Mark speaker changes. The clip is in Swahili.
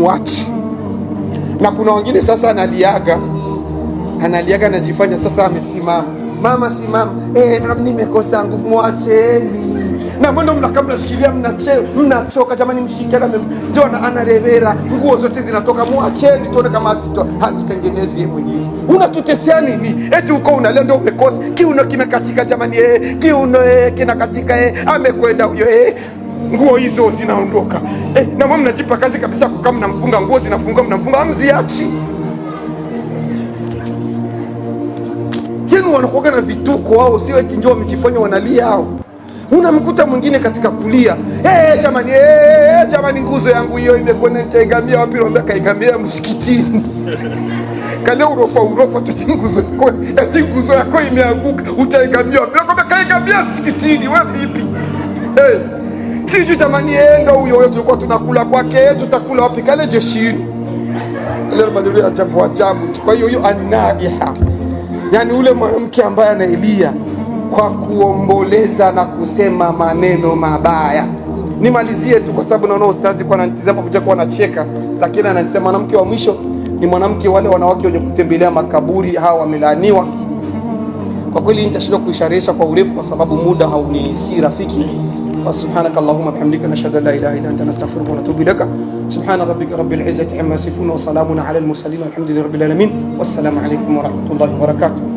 Speaker 1: hamuachi, na kuna wengine sasa analiaga analiaga anajifanya sasa amesimama, mama simama, eh, nimekosa nguvu, mwacheni na mwendo, mnakaa mnashikilia, mnachoka. Jamani, mshikiana ndio anarevera, nguo zote zinatoka, mwacheni tuone kama hazitengenezi ye mwenyewe. Unatutesea nini? Eti uko unalia ndio umekosa kiuno, kimekatika jamani, eh, kiuno eh, kinakatika eh, amekwenda huyo eh nguo hizo zinaondoka. Eh, na mwa mnajipa kazi kabisa kukaa mnamfunga nguo zinafunga, mnamfunga mziachi yenu. Wanakuwaga na vituko wao, sio eti ndio wamejifanya wanalia hao. Unamkuta mwingine katika kulia, eh, eh jamani, eh, eh, eh, jamani, nguzo yangu hiyo imekwenda, nitaigamia wapi? Naambia kaigamia msikitini Kale urofa urofa tuti nguzo yako eti nguzo yako imeanguka, utaigamia wapi? Nakwambia kaigamia msikitini. We vipi? hey sijui jamani, enda huyo huyo, tulikuwa tunakula kwake, tutakula wapi? Kale jeshini leo ya ajabu. Kwa hiyo hiyo anagiha, yaani ule mwanamke ambaye anailia kwa kuomboleza na kusema maneno mabaya. Nimalizie tu kwa sababu naona ustazi kwa ananitazama kuja kwa anacheka, lakini anasema mwanamke wa mwisho ni mwanamke wale wanawake wenye kutembelea makaburi, hawa wamelaaniwa. Kwa kweli nitashindwa kuisharisha kwa urefu kwa sababu muda hauni si rafiki. وسبحانك اللهم بحمدك نشهد ان لا اله الا انت نستغفرك ونتوب اليك سبحان ربك رب العزه عما يصفون وسلام على المرسلين والحمد لله رب العالمين والسلام عليكم ورحمه الله وبركاته